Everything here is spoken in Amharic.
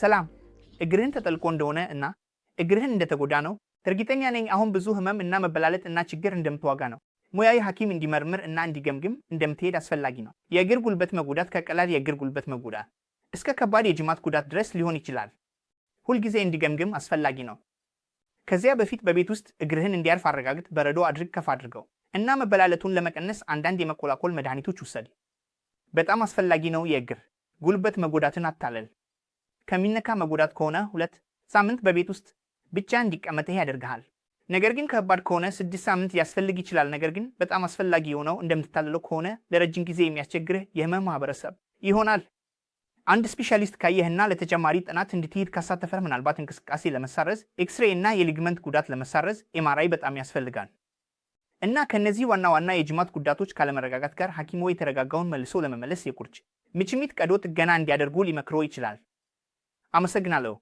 ሰላም እግርህን ተጠልቆ እንደሆነ እና እግርህን እንደተጎዳ ነው እርግጠኛ ነኝ አሁን ብዙ ህመም እና መበላለጥ እና ችግር እንደምትዋጋ ነው። ሙያዊ ሐኪም እንዲመርምር እና እንዲገምግም እንደምትሄድ አስፈላጊ ነው። የእግር ጉልበት መጎዳት ከቀላል የእግር ጉልበት መጎዳት እስከ ከባድ የጅማት ጉዳት ድረስ ሊሆን ይችላል። ሁልጊዜ እንዲገምግም አስፈላጊ ነው። ከዚያ በፊት በቤት ውስጥ እግርህን እንዲያርፍ አረጋግጥ። በረዶ አድርግ፣ ከፍ አድርገው እና መበላለቱን ለመቀነስ አንዳንድ የመቆላቆል መድኃኒቶች ውሰድ። በጣም አስፈላጊ ነው። የእግር ጉልበት መጎዳትን አታለል። ከሚነካ መጎዳት ከሆነ ሁለት ሳምንት በቤት ውስጥ ብቻ እንዲቀመጥህ ያደርግሃል። ነገር ግን ከባድ ከሆነ ስድስት ሳምንት ያስፈልግ ይችላል። ነገር ግን በጣም አስፈላጊ የሆነው እንደምትታለለው ከሆነ ለረጅም ጊዜ የሚያስቸግርህ የህመም ማህበረሰብ ይሆናል። አንድ ስፔሻሊስት ካየህና ለተጨማሪ ጥናት እንድትሄድ ካሳተፈህ ምናልባት እንቅስቃሴ ለመሳረዝ ኤክስሬ እና የሊግመንት ጉዳት ለመሳረዝ ኤምአርአይ በጣም ያስፈልጋል። እና ከእነዚህ ዋና ዋና የጅማት ጉዳቶች ካለመረጋጋት ጋር ሐኪሞ የተረጋጋውን መልሶ ለመመለስ የቁርጭ ምችሚት ቀዶ ጥገና እንዲያደርጉ ሊመክሮ ይችላል። አመሰግናለሁ።